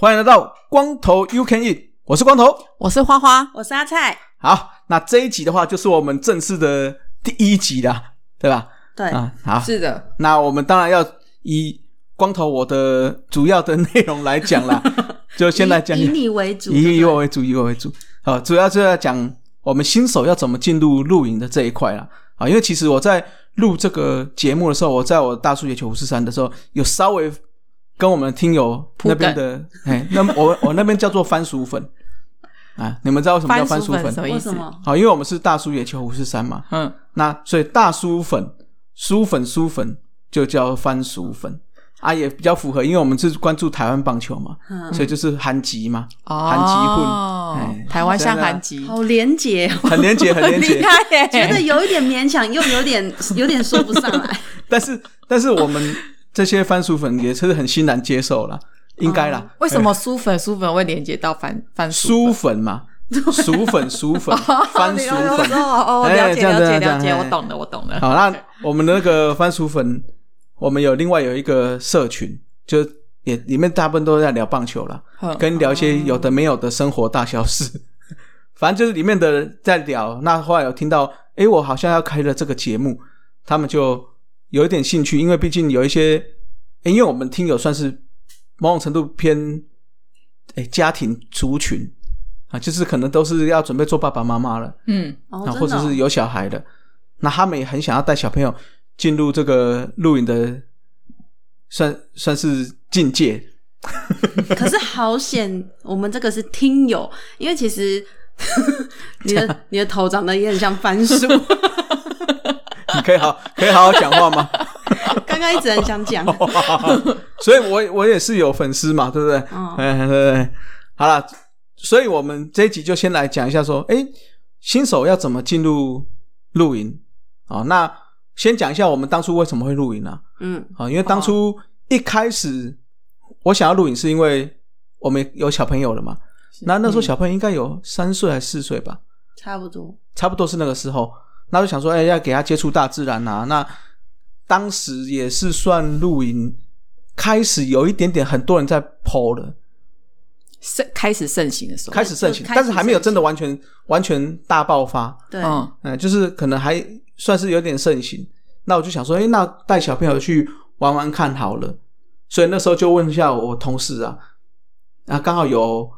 歡迎來到光頭悠 CampEat，我是光頭，我是花花，我是阿蔡。好，那這一集的話，就是我們正式的第一集啦，對吧？對啊，好是的，那我們當然要以光頭我的主要的內容來講啦， 就先來講 以你為主，以以我為主，以我為主啊，主要就要講我們新手要怎麼進入露營的這一塊了啊，因為其實我在錄這個節目的時候，我在我大叔野球543的時候，有稍微跟我們聽友那邊的嘿，那我我那邊叫做番薯粉 啊，你們知道為什麼叫番薯粉，番薯粉什麼意思？為什麼？好，因為我們是大叔野球543嘛，嗯，那所以大叔粉。酥粉，酥粉就叫番薯粉啊，也比較符合，因為我們是關注台灣棒球嘛、嗯，所以就是韓籍嘛，韓、哦、籍混，嗯、台灣像韓籍，好連結，很連結，很連結，我離開欸、 覺得有一點勉強，又有點有點說不上來。 但是，但是我們這些番薯粉也是很欣然接受了，應該啦、嗯。為什麼酥粉酥、嗯、粉會連結到番番薯粉，粉嘛？薯粉、薯粉 番薯粉哦、 哎，了解，這樣了解了解，我懂了、哎、我懂了。好，okay. 那我們的那個番薯粉，我們有另外有一個社群，就也裡面大部分都在聊棒球啦， 跟聊一些有的沒有的生活大小事。 反正就是裡面的在聊，那後來有聽到，哎，我好像要開了這個節目，他們就有一點興趣，因為畢竟有一些，哎、因為我們聽友算是某種程度偏哎家庭族群。啊，就是可能都是要準備做爸爸媽媽了，嗯、啊哦哦，或者是有小孩的，那他們也很想要帶小朋友進入這個露營的算，算算是境界。可是好險，我們這個是聽友，因為其實 你的你的頭長得也很像番薯， 你可以好可以好好講話嗎？ 剛剛一直很想講， 所以我我也是有粉絲嘛，對不對？嗯、哦， 對，對對，好啦。所以，我們這一集就先來講一下，說，哎、欸，新手要怎麼進入露營啊、哦？那先講一下，我們當初為什麼會露營呢、啊？嗯，啊，因為當初一開始我想要露營，是因為我們有小朋友了嘛。那、嗯、那時候小朋友應該有三歲還是四歲吧、嗯？差不多，差不多是那個時候，那就想說，哎、欸，要給他接觸大自然啊，那當時也是算露營開始有一點點，很多人在 PO 了。盛開始盛行的時候，開始，就是、開始盛行，但是還沒有真的完全完全大爆發。對，嗯，就是可能還算是有點盛行。那我就想說，哎、欸，那帶小朋友去玩玩看好了。所以那時候就問一下我同事啊，啊，剛好有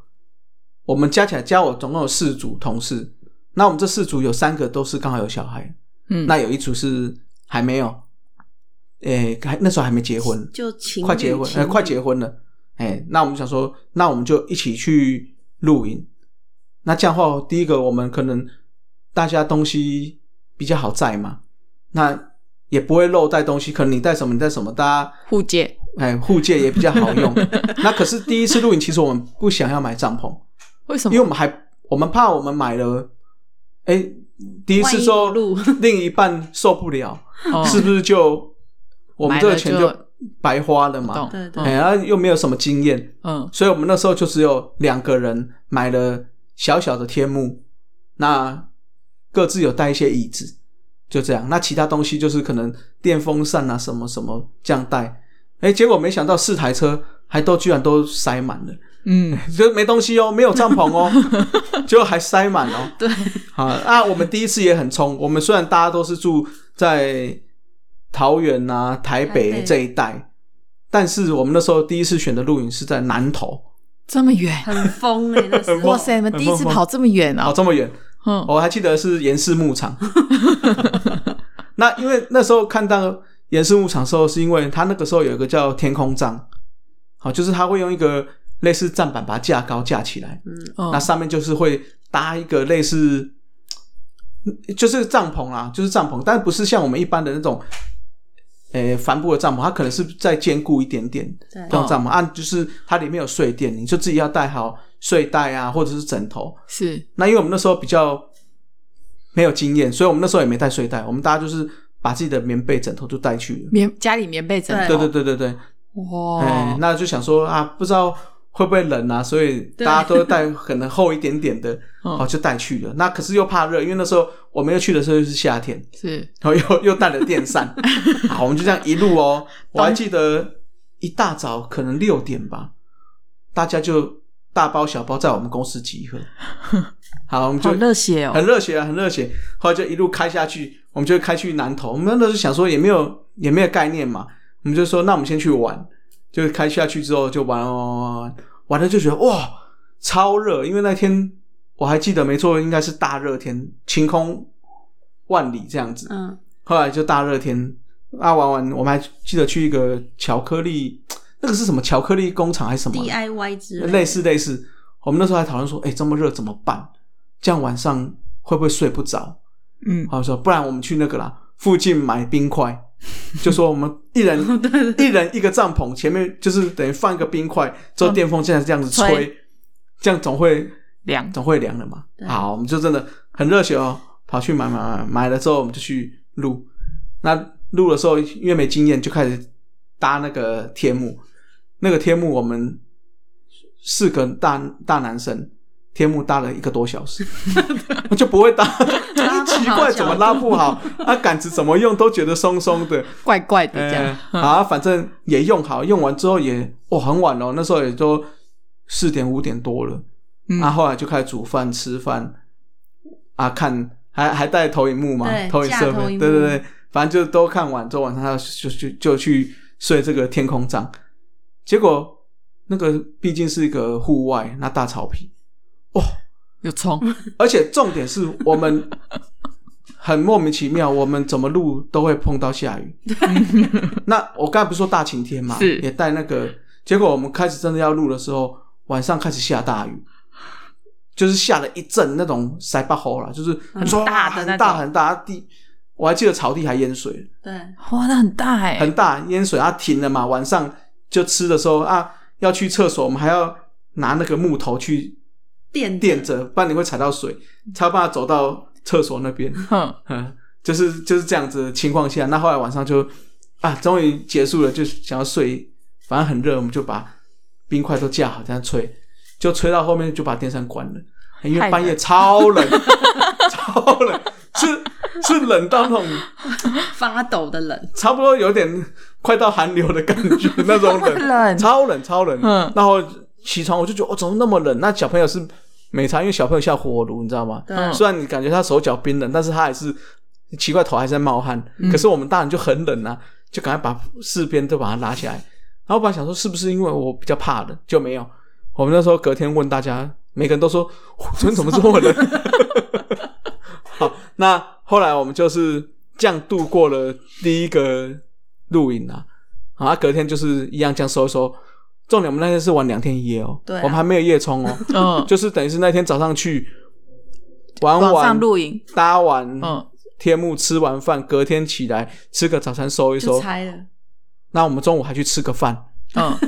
我們加起來加我總共有四組同事。那我們這四組有三個都是剛好有小孩，嗯，那有一組是還沒有，哎、欸，還那時候還沒結婚，就情緣情緣快結婚、呃，快結婚了。哎、欸，那我們想說，那我們就一起去露營。那這樣的話，第一個我們可能大家東西比較好帶嘛，那也不會漏帶東西。可能你帶什麼，你帶什麼，大家互借。哎，互、欸、借也比較好用。 那可是第一次露營，其實我們不想要買帳篷，為什麼？因為我們還我們怕我們買了，哎、欸，第一次說一另一半受不了，哦、是不是就我們這個錢就。白花了嘛，哦，對對，哎，又沒有什麼經驗，嗯，所以我們那時候就只有兩個人買了小小的天幕，那各自有帶一些椅子，就這樣。那其他東西就是可能電風扇啊，什麼什麼這樣帶。哎，結果沒想到四台車還都居然都塞滿了，嗯，哎，就沒東西哦，沒有帳篷哦，結 果還塞滿了哦。對，好啊，我們第一次也很衝，我們雖然大家都是住在。桃園吶、啊，台北這一帶，但是我們那時候第一次選的露營是在南投，這麼遠，很瘋哎、欸！那 哇塞，你們第一次跑這麼遠啊？哦，這麼遠、哦，我還記得是顏氏牧場。 那因為那時候看到顏氏牧場的時候，是因為它那個時候有一個叫天空帳，好，就是它會用一個類似棧板把它架高架起來，嗯，哦、那上面就是會搭一個類似就是帳篷啊，就是帳篷，但不是像我們一般的那種。誒、欸，帆布的帳篷，它可能是再堅固一點點。對，這種帳篷按、啊、就是它裡面有睡墊，你就自己要帶好睡袋啊，或者是枕頭。是。那因為我們那時候比較沒有經驗，所以我們那時候也沒帶睡袋，我們大家就是把自己的棉被、枕頭就帶去了。棉家裡棉被枕頭。對對對對對。哇、哦欸。那就想說啊，不知道。會不會冷啊？所以大家都帶可能厚一點點的哦，就帶去了，嗯。那可是又怕熱，因為那時候我們要去的時候又是夏天，是，然，哦、後又又帶了電扇。 好，我們就這樣一路哦。我還記得一大早可能六點吧， 大家就大包小包在我們公司集合。好，我們就很熱血哦，很熱血啊，很熱血。後來就一路開下去，我們就開去南投。我們那時候想說也沒有也沒有概念嘛，我們就說那我們先去玩。就開下去之後就玩玩玩玩玩了，就覺得哇超熱，因為那天我還記得沒錯，應該是大熱天晴空萬里這樣子。嗯。後來就大熱天，啊，玩完我們還記得去一個巧克力，那個是什麼巧克力工廠還是什麼？D I Y 之類的。類似類似，我們那時候還討論說，哎、欸、這麼熱怎麼辦？這樣晚上會不會睡不着？嗯。然後說不然我們去那個啦，附近買冰塊。 就說我們一人 對對對，一人一個帳篷，前面就是等於放一個冰塊，之後電風，現在這樣子吹、嗯、吹，這樣總會涼，總會涼的嘛。好，我們就真的很熱血哦，跑去買買買，買了之後我們就去錄。那錄的時候因為沒經驗，就開始搭那個天幕，那個天幕我們四個大大男生天幕搭了一個多小時，我 對笑就不會搭。 奇怪，怎麼拉不好？好啊，桿子怎麼用都覺得鬆鬆的， 怪怪的這樣、欸、啊。反正也用好，用完之後也哇、哦，很晚了、哦。那時候也都四點五點多了、嗯。啊，後來就開始煮飯、吃飯啊，看還還帶投影幕嘛，投影設備，對對對，反正就都看完之後，晚上他就就就，就去睡這個天空帳。結果那個畢竟是一個戶外，那大草皮哦，有蟲，而且重點是我們。 很莫名其妙，我們怎麼錄都會碰到下雨、嗯。那我剛才不是說大晴天嘛？是，也帶那個，結果我們開始真的要錄的時候，晚上開始下大雨，就是下了一陣那種塞巴豪啦，就是很，很大的那種很大很大、啊、地。我還記得草地還淹水，對，哇，那很大哎、欸，很大淹水。啊，停了嘛，晚上就吃的時候啊，要去廁所，我們還要拿那個木頭去墊墊着，不然你會踩到水，才有辦法走到。廁所那邊，嗯，嗯，就是就是這樣子的情況下，那後來晚上就啊，終於結束了，就想要睡，反正很熱，我們就把冰塊都架好，這樣吹，就吹到後面就把電扇關了，因為半夜超冷，太冷，超冷 超冷，是是冷到那種發抖的冷，差不多有點快到寒流的感覺那種冷，太冷，超冷，超冷，嗯，然後起床我就覺得我、哦、怎麼那麼冷？那小朋友是。美茶因為小朋友像火爐，你知道嗎？雖然你感覺他手腳冰冷，但是他還是奇怪頭還是在冒汗、嗯。可是我們大人就很冷啊，就趕快把四邊都把他拉起來。然後我本來想說是不是因為我比較怕冷就沒有。我們那時候隔天問大家，每個人都說我們怎麼做的 好。那後來我們就是這樣度過了第一個露營啊。好，隔天就是一樣這樣收一收。重點，我們那天是玩兩天一夜哦，喔啊，我們還沒有夜衝哦，喔，嗯，就是等於是那天早上去玩玩上露營，搭完嗯天幕，吃完飯，嗯，隔天起來吃個早餐，收一收了。那我們中午還去吃個飯，嗯，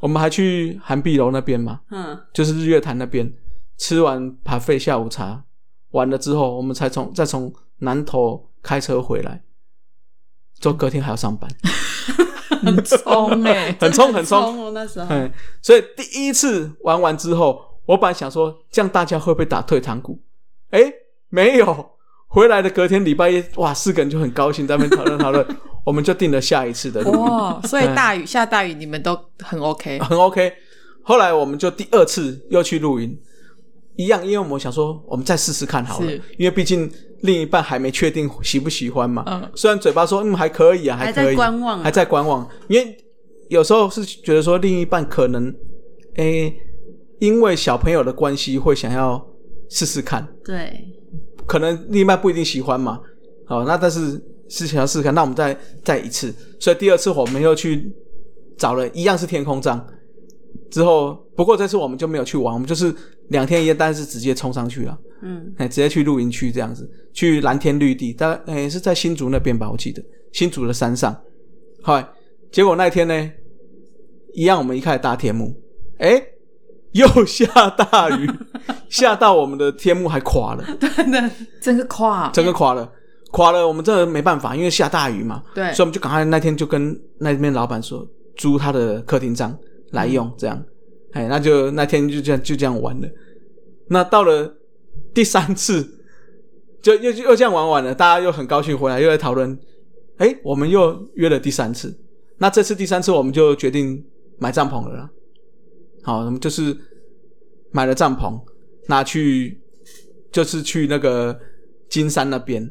我們還去涵碧樓那邊嘛，嗯，就是日月潭那邊吃完爬費下午茶，完了之後，我們才從再從南投開車回來，就隔天還要上班。嗯 很衝哎，很衝很衝那時候。所以第一次玩完之後，我本來想說，這樣大家會不會打退堂鼓？哎，沒有，回來的隔天禮拜一，哇，四個人就很高興，在那邊討論討論，我們就定了下一次的。哦，所以大雨下大雨，你們都很 OK， 很 OK。後來我們就第二次又去露營，一樣，因為我想說，我們再試試看好了，因為畢竟。另一半還沒確定喜不喜歡嘛？嗯，雖然嘴巴說嗯還可以啊，還可以，還在觀望、啊，還在觀望。因為有時候是覺得說另一半可能，誒、欸，因為小朋友的關係會想要試試看。對，可能另一半不一定喜歡嘛。好，那但是是想要試試看，那我們再再一次，所以第二次我們又去找了一樣是天空帳。之後，不過這次我們就沒有去玩，我們就是兩天一夜，但是直接衝上去了。嗯、欸，直接去露營區這樣子，去藍天綠地，大概誒是在新竹那邊吧，我記得新竹的山上。嗨，結果那天呢，一樣我們一開始搭天幕，哎、欸，又下大雨， 下到我們的天幕還垮了， 真的整個垮，整個垮了，嗯、垮了，我們真的沒辦法，因為下大雨嘛，對，所以我們就趕快那天就跟那邊老闆說租他的客廳帳。來用這樣，哎，那就那天就這樣就這樣玩了。那到了第三次，就又又這樣玩完了。大家又很高興回來，又來討論。哎，我們又約了第三次。那這次第三次，我們就決定買帳篷了啦。好，我們就是買了帳篷，拿去就是去那個金山那邊。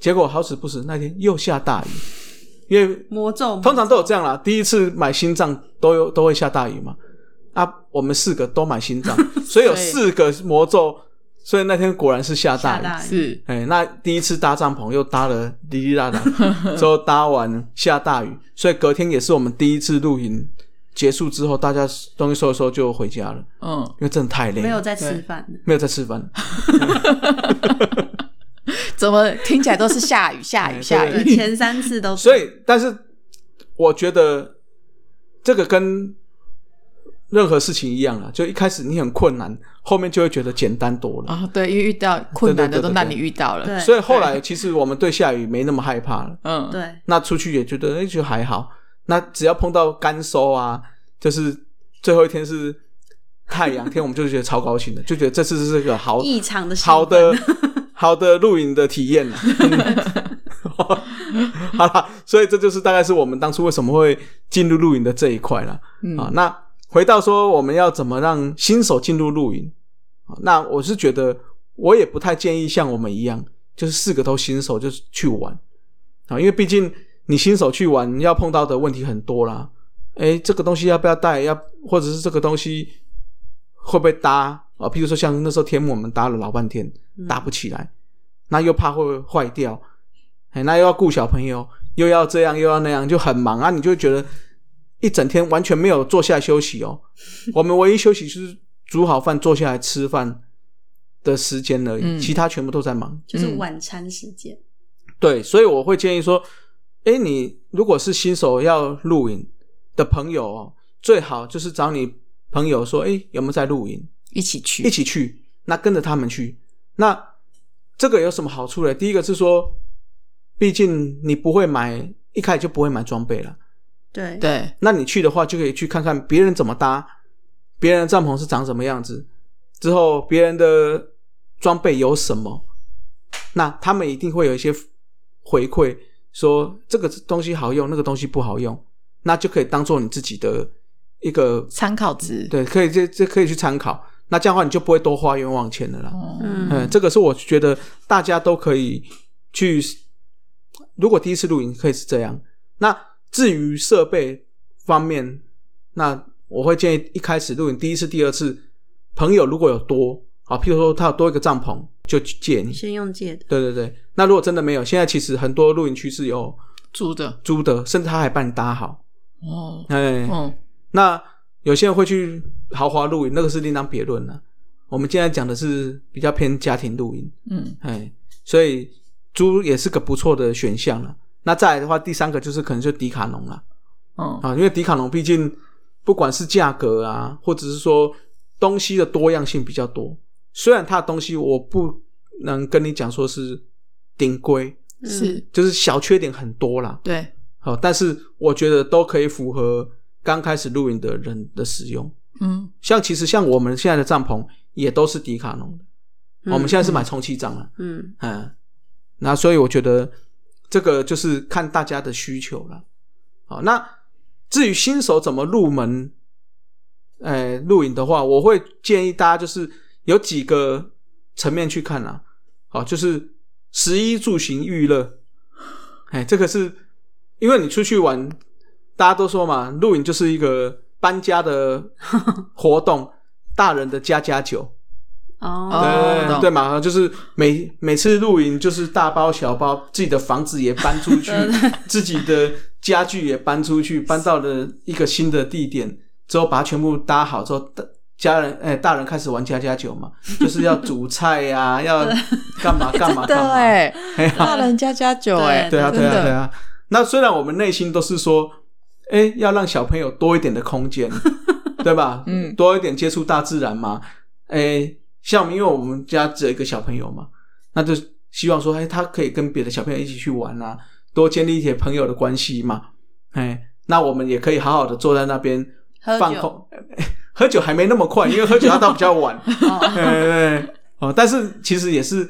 結果好死不死，那天又下大雨。因為魔咒，魔咒通常，都有這樣啦，第一次買新帳都有都會下大雨嘛。啊，我們四個都買新帳， 所以有四個魔咒，所以那天果然是下大雨。下大雨。是，哎、欸，那第一次搭帳篷又搭了哩哩啦啦， 之後搭完下大雨，所以隔天也是我們第一次露營結束之後，大家東西收一收就回家了。嗯，因為真的太累了，沒有再吃飯，沒有再吃飯。 怎麼聽起來都是下雨下雨 下雨，前三次都是。所以， 但是我覺得這個跟任何事情一樣了，就一開始你很困難，後面就會覺得簡單多了啊、哦。對，因為遇到困難的都讓你遇到了，對對對對，所以後來其實我們對下雨沒那麼害怕了。嗯，對。那出去也覺得哎、欸，就還好、嗯。那只要碰到乾收啊，就是最後一天是太陽天， 我們就覺得超高興的，就覺得這次是一個好異常的好的。好的，露營的體驗 好啦，所以這就是大概是我們當初為什麼會進入露營的這一塊啦、嗯。啊，那回到說我們要怎麼讓新手進入露營？那我是覺得我也不太建議像我們一樣，就是四個都新手就是去玩啊，因為畢竟你新手去玩，要碰到的問題很多啦。誒、欸、這個東西要不要帶？要或者是這個東西會不會搭？啊，譬如說像那時候天幕，我們搭了老半天，搭、嗯、不起來，那又怕會壞掉，那又要顧小朋友，又要這樣又要那樣，就很忙啊。你就覺得一整天完全沒有坐下來休息哦。 我們唯一休息就是煮好飯坐下來吃飯的時間而已、嗯，其他全部都在忙，就是晚餐時間、嗯。對，所以我會建議說，哎、欸，你如果是新手要露營的朋友哦，最好就是找你朋友說，哎、欸，有沒有在露營？一起去，一起去，那跟着他們去，那這個有什麼好處呢？第一個是說，畢竟你不會買，一開始就不會買裝備啦，對對。那你去的話，就可以去看看別人怎麼搭，別人的帳篷是長什麼樣子，之後別人的裝備有什麼，那他們一定會有一些回饋，說這個東西好用，那個東西不好用，那就可以當做你自己的一個參考值，對，可以這這可以去參考。那這樣的話，你就不會多花冤枉錢的啦嗯。嗯，這個是我覺得大家都可以去。如果第一次露營可以是這樣。那至於設備方面，那我會建議一開始露營，第一次、第二次，朋友如果有多，好、啊，譬如說他有多一個帳篷，就去借。先用借的。對對對。那如果真的沒有，現在其實很多露營區是有租的，租的，甚至他還幫你搭好。哦，哎、嗯嗯，那。有些人會去豪華露營，那個是另當別論了。我們現在講的是比較偏家庭露營，嗯，哎，所以租也是個不錯的選項了。那再來的話，第三個就是可能就迪卡儂了，嗯、哦、啊，因為迪卡儂畢竟不管是價格啊，或者是說東西的多樣性比較多。雖然它的東西我不能跟你講說是頂規、嗯，是就是小缺點很多啦。對，好、啊，但是我覺得都可以符合。剛開始露營的人的使用，嗯，像其實像我們現在的帳篷也都是迪卡儂的、嗯，我們現在是買充氣帳啦，嗯嗯，那所以我覺得這個就是看大家的需求了。好，那至於新手怎麼入門，哎、欸，露營的話，我會建議大家就是有幾個層面去看啦。好，就是食衣住行育樂，哎、欸，這個是因為你出去玩。大家都說嘛，露營就是一個搬家的活動， 大人的家家酒哦，oh, 對,對,對,對, no. 對嘛就是每每次露營就是大包小包，自己的房子也搬出去， 對對對自己的家具也搬出去，搬到了一個新的地點之後，把它全部搭好之後，家人哎、欸、大人開始玩家家酒嘛， 就是要煮菜呀、啊，要幹嘛幹嘛幹嘛 對、啊，大人家家酒哎，對啊對啊對啊，那雖然我們內心都是說。哎，要讓小朋友多一點的空間， 對吧？嗯，多一點接觸大自然嘛。哎，像我們，因為我們家只有一個小朋友嘛，那就希望說，哎，他可以跟別的小朋友一起去玩啊，多建立一些朋友的關係嘛。哎，那我們也可以好好的坐在那邊，放空、okay。喝酒還沒那麼快，因為喝酒要到比較晚。 對對對，哦，但是其實也是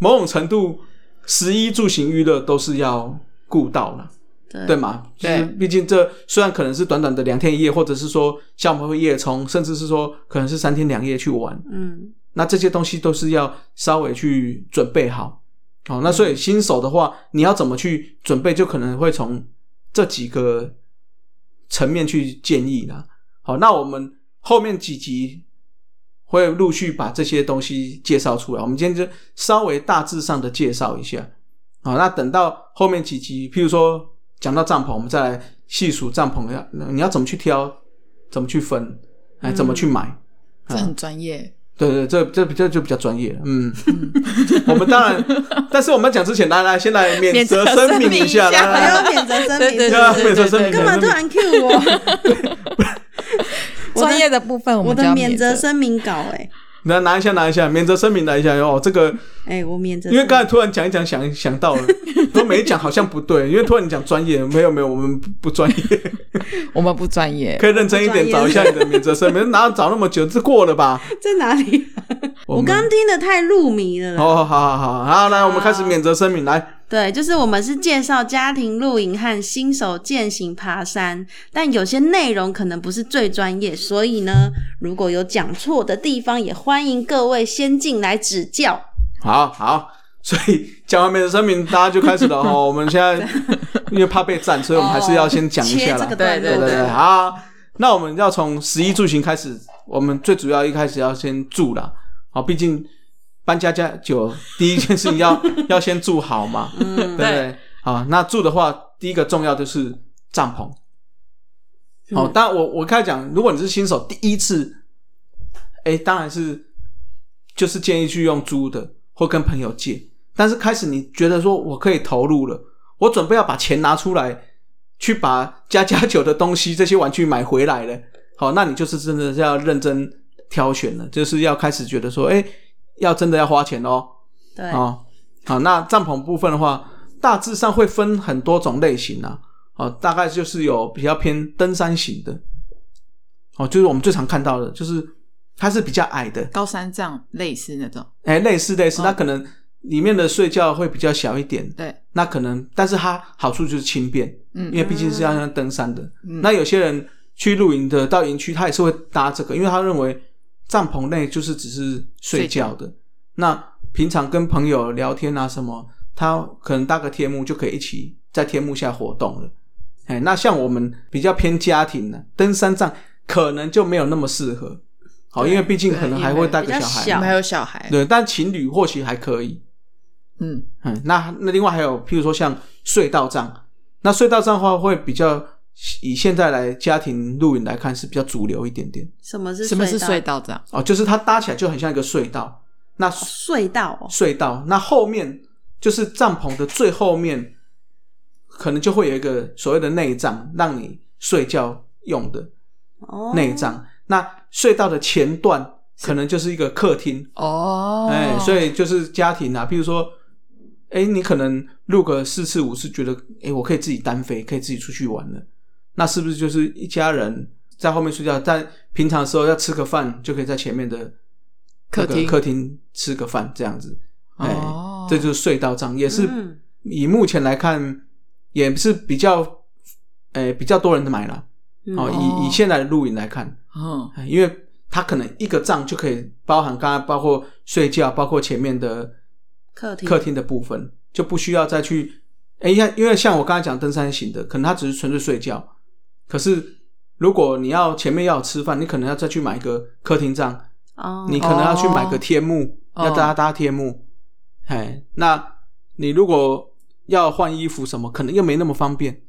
某種程度，食衣住行娛樂都是要顧到了。對嘛？對，畢竟這雖然可能是短短的兩天一夜，或者是說像我們會夜衝，甚至是說可能是三天兩夜去玩，嗯，那這些東西都是要稍微去準備好。好、哦，那所以新手的話、嗯，你要怎麼去準備，就可能會從這幾個層面去建議啦。好、哦，那我們後面幾集會陸續把這些東西介紹出來。我們今天就稍微大致上的介紹一下。好、哦、那等到後面幾集，譬如說。講到帳篷，我們再來細數帳篷要，你要怎麼去挑，怎麼去分，哎，怎麼去買？嗯啊、這很專業。對對，對，這這這就比較專業。嗯， 我們當然，但是我們講之前，來來先來免責聲明一下，我要免責聲明、， 啊、明，要免責聲明，幹嘛突然 Q 我？專 業的部分我們要，我的免責聲明稿哎、欸。來拿一下，拿一下，免責聲明拿一下喲、哦。這個，哎、欸，我免責聲明，因為剛才突然講一講，想想到了， 都沒講好像不對，因為突然你講專業，沒有沒有，我們不專業，我們不專業，可以認真一點找一下你的免責聲明， 哪有找那麼久？就過了吧？在哪裡、啊？我剛剛聽的太入迷了。哦、oh, oh, oh, oh, oh, oh, oh, oh,，好好好好，來，我們開始免責聲明來。對，就是我們是介紹家庭露營和新手健行爬山，但有些內容可能不是最專業，所以呢，如果有講錯的地方，也歡迎各位先進來指教。好好，所以講完免責聲明、哦，大家就開始了 哦。我們現在因為怕被贊，所以我們還是要先講一下了、哦。對對對，好，那我們要從食衣住行開始，我們最主要一開始要先住啦。好、哦，畢竟。搬家家酒第一件事情要 要先住好嘛，嗯、對不對？好，那住的話，第一個重要就是帳篷。嗯、好，但我我開始講，如果你是新手第一次，哎，當然是就是建議去用租的或跟朋友借。但是開始你覺得說我可以投入了，我準備要把錢拿出來去把家家酒的東西這些玩具買回來了。好，那你就是真的是要認真挑選了，就是要開始覺得說，誒要真的要花錢哦，對啊、哦，好，那帳篷部分的話，大致上會分很多種類型呢、啊，哦，大概就是有比較偏登山型的，哦，就是我們最常看到的，就是它是比較矮的高山帳，類似那種，哎、欸，類似類似，Oh. 那可能裡面的睡覺會比較小一點，對，那可能，但是它好處就是輕便，嗯，因為畢竟是要像登山的、嗯，那有些人去露營的到營區，他也是會搭這個，因為他認為。帳篷內就是只是睡覺的睡覺，那平常跟朋友聊天啊什麼，他可能搭個天幕就可以一起在天幕下活動了。哎，那像我們比較偏家庭的、啊，登山帳可能就沒有那麼適合，好、哦，因為畢竟可能還會帶個小孩，還有小孩。對，但情侶或許還可以。嗯，那那另外還有，譬如說像隧道帳，那隧道帳的話會比較。以現在來家庭露營來看是比較主流一點點。什麼是什麼是隧道？這樣哦，就是它搭起來就很像一個隧道。那、哦、隧道、哦、隧道，那後面就是帳篷的最後面，可能就會有一個所謂的內帳，讓你睡覺用的內帳、哦。那隧道的前段可能就是一個客廳哦。哎、欸，所以就是家庭啊，譬如說，哎、欸，你可能露個四次五次，覺得哎、欸，我可以自己單飛，可以自己出去玩了。那是不是就是一家人在後面睡覺，但平常的時候要吃個飯，就可以在前面的客廳客廳吃個飯這樣子？哎、嗯，這就是隧道帳，也是以目前來看也是比較哎比較多人的買了、嗯、哦。以以現在的露營來看，哦，因為它可能一個帳就可以包含剛剛包括睡覺，包括前面的客客廳的部分，就不需要再去哎，因為因為像我剛才講登山型的，可能他只是純粹睡覺。可是，如果你要前面要有吃飯，你可能要再去買個客廳帳，oh, 你可能要去買個天幕，oh, 要搭搭天幕，oh. 嘿，那你如果要換衣服什麼，可能又沒那麼方便。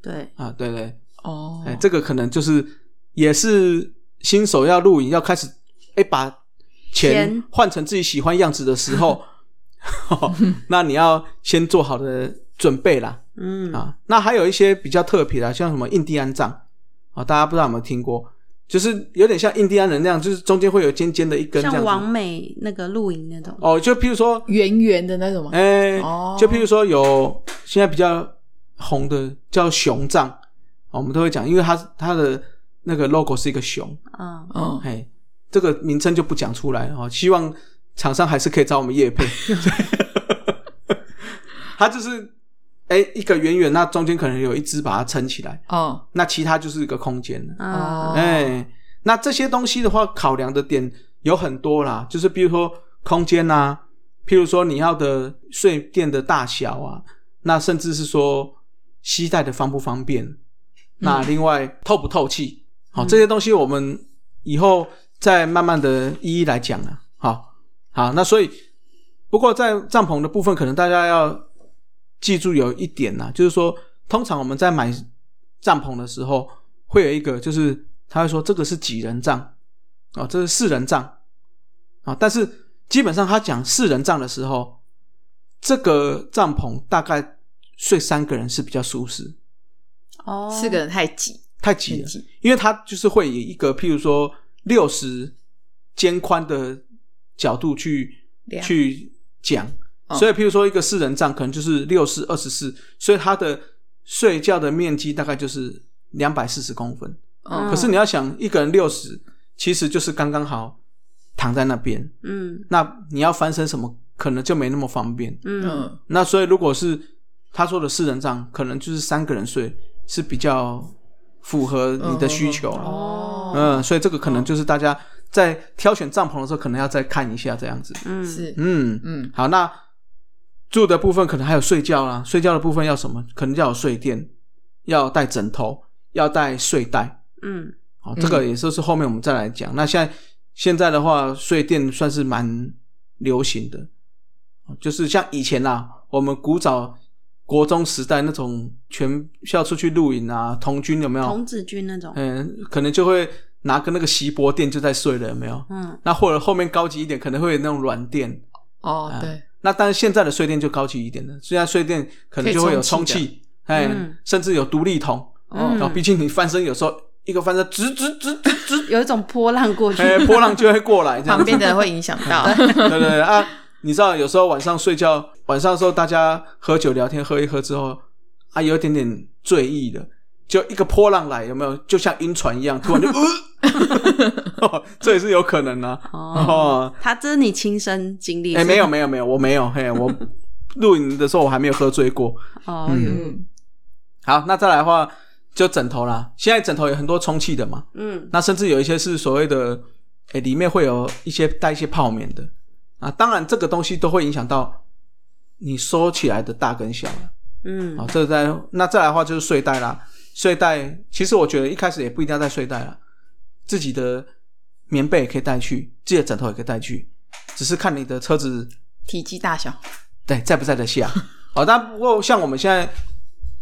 對，啊，對對，哦，哎，這個可能就是也是新手要露營要開始，哎、欸，把錢換成自己喜歡樣子的時候 呵呵，那你要先做好的準備啦。嗯啊，那還有一些比較特別的、啊，像什麼印第安帳啊，大家不知道有沒有聽過，就是有點像印第安人那樣，就是中間會有尖尖的一根，像王美那個露營那種哦。就譬如說圓圓的那種，哎、欸、哦，就譬如說有現在比較紅的叫熊帳、啊，我們都會講，因為他他的那個 logo 是一個熊啊啊、哦嗯哦，嘿，這個名稱就不講出來哦、啊，希望廠商還是可以找我們業配，他 對 就是。哎、欸，一個圓圓，那中間可能有一支把它撐起來哦。Oh. 那其他就是一個空間哦。哎、oh. 欸，那這些東西的話，考量的點有很多啦，就是比如說空間啊，譬如說你要的睡墊的大小啊，那甚至是說攜帶的方不方便，嗯、那另外透不透氣，好、哦嗯，這些東西我們以後再慢慢的一一來講啊。好，好，那所以不過在帳篷的部分，可能大家要。記住有一點吶、啊，就是說，通常我們在買帳篷的時候，會有一個，就是他會說這個是幾人帳哦，這是四人帳啊、哦。但是基本上他講四人帳的時候，這個帳篷大概睡三個人是比較舒適。哦，四個人太擠，太擠了，因為他就是會以一個譬如說六十肩寬的角度去去講。所以，譬如說，一個四人帳可能就是六四二十四，所以他的睡覺的面積大概就是兩百四十公分、哦。可是你要想一個人六十，其實就是剛剛好躺在那邊。嗯，那你要翻身什麼，可能就沒那麼方便。嗯，那所以如果是他說的四人帳，可能就是三個人睡是比較符合你的需求、啊、哦，嗯，所以這個可能就是大家在挑選帳篷的時候，可能要再看一下這樣子。嗯，是，嗯嗯，好，那。住的部分可能還有睡覺啦，睡覺的部分要什麼？可能要有睡墊，要帶枕頭，要帶睡袋。嗯，好，這個也是是後面我們再來講。嗯、那現在現在的話，睡墊算是蠻流行的，就是像以前啦、啊，我們古早國中時代那種全校出去露營啊，童軍有沒有？童子軍那種。嗯，可能就會拿個那個錫箔墊就在睡了，有沒有？嗯，那或者後面高級一點，可能會有那種軟墊。哦，對。嗯那當然，現在的睡墊就高級一點了。現在睡墊可能就會有充氣，哎、嗯，甚至有獨立筒。哦、嗯，然後畢竟你翻身有時候一個翻身，直直直直直，有一種波浪過去，波浪就會過來， 這樣旁邊的人會影響到。 對對對啊，你知道有時候晚上睡覺，晚上的時候大家喝酒聊天，喝一喝之後，啊，有一點點醉意的。就一個波浪來，有沒有？就像暈船一樣，突然就、 哦，這也是有可能啊。哦，哦，他這是你親身經歷？哎、欸，沒有，沒有，沒有，我沒有嘿、欸。我錄影的時候，我還沒有喝醉過、哦嗯。嗯。好，那再來的話，就枕頭啦。現在枕頭有很多充氣的嘛，嗯。那甚至有一些是所謂的，哎、欸，裡面會有一些帶一些泡棉的。啊，當然這個東西都會影響到你收起來的大跟小。嗯。好，這在，那再來的話就是睡袋啦。睡袋其實我覺得一開始也不一定要帶睡袋了，自己的棉被也可以帶去，自己的枕頭也可以帶去，只是看你的車子體積大小，對，在不在得下。好、 哦，那不過像我們現在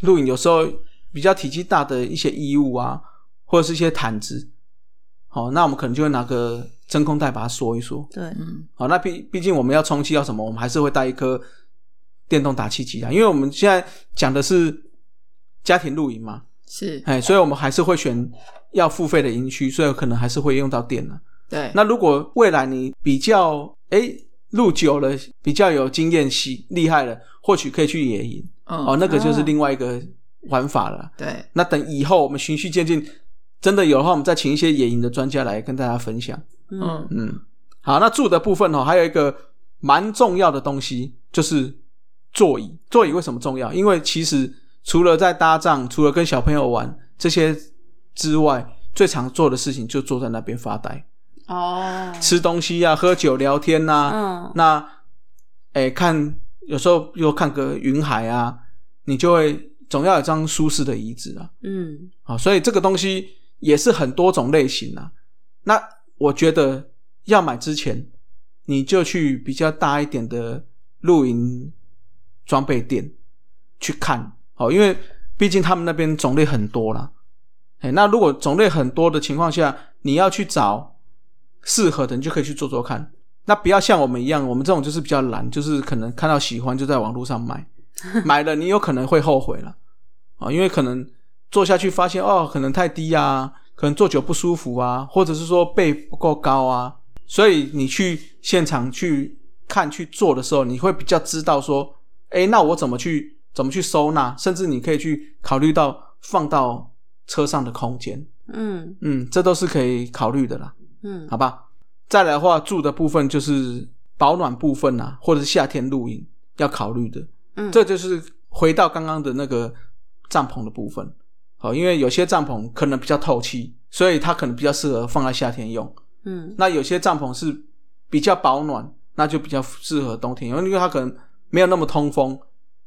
露營，有時候比較體積大的一些衣物啊，或者是一些毯子，好、哦，那我們可能就會拿個真空袋把它縮一縮。對，嗯。好、哦，那畢畢竟我們要充氣要什麼，我們還是會帶一顆電動打氣機啊，因為我們現在講的是家庭露營嘛。是，哎，所以我們還是會選要付費的營區，所以可能還是會用到電呢。對，那如果未來你比較誒露久了，比較有經驗、細厲害了，或許可以去野營、嗯、哦，那個就是另外一個玩法了。對、啊，那等以後我們循序漸進，真的有的話，我們再請一些野營的專家來跟大家分享。嗯嗯，好，那住的部分哦，還有一個蠻重要的東西就是座椅。座椅為什麼重要？因為其實。除了在搭帳，除了跟小朋友玩這些之外，最常做的事情就坐在那邊發呆哦，吃東西啊，喝酒聊天吶、啊，嗯，那哎、欸、看，有時候又看個雲海啊，你就會總要有一張舒適的椅子啊，嗯，啊，所以這個東西也是很多種類型啊。那我覺得要買之前，你就去比較大一點的露營裝備店去看。哦，因為畢竟他們那邊種類很多啦。哎、欸，那如果種類很多的情況下，你要去找適合的，你就可以去做做看。那不要像我們一樣，我們這種就是比較懶，就是可能看到喜歡就在網絡上買，買了你有可能會後悔了啊、哦，因為可能坐下去發現哦，可能太低啊，可能坐久不舒服啊，或者是說背不夠高啊，所以你去現場去看去做的時候，你會比較知道說，哎、欸，那我怎麼去？怎麼去收納？甚至你可以去考慮到放到車上的空間。嗯嗯，這都是可以考慮的啦。嗯，好吧。再來的話，住的部分就是保暖部分啊，或者是夏天露營要考慮的。嗯，這就是回到剛剛的那個帳篷的部分。好，因為有些帳篷可能比較透氣，所以它可能比較適合放在夏天用。嗯，那有些帳篷是比較保暖，那就比較適合冬天用，因為它可能沒有那麼通風。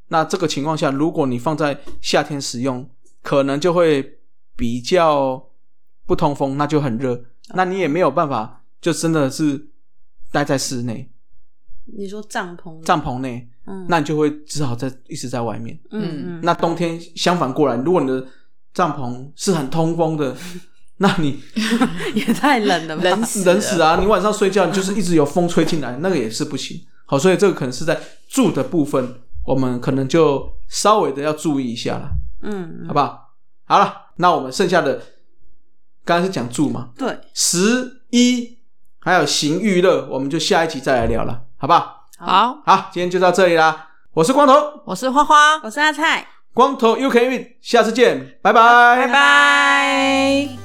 那這個情況下，如果你放在夏天使用，可能就會比較不通風，那就很熱。那你也沒有辦法，就真的是待在室內。你說帳篷？帳篷內、嗯，那你就會只好在一直在外面，嗯。嗯，那冬天相反過來，如果你的帳篷是很通風的，嗯、那你 也太冷了吧？冷死，冷死啊！你晚上睡覺，你就是一直有風吹進來、嗯，那個也是不行。好，所以這個可能是在住的部分。我們可能就稍微的要注意一下啦，嗯，好不好？好啦，那我們剩下的，剛剛是講住嘛，對，食、衣，還有行、育樂，我們就下一集再來聊啦，好不好？好，好，今天就到這裡啦。我是光頭，我是花花，我是阿蔡，光頭悠 CampEat，下次見，拜拜，拜拜。拜拜。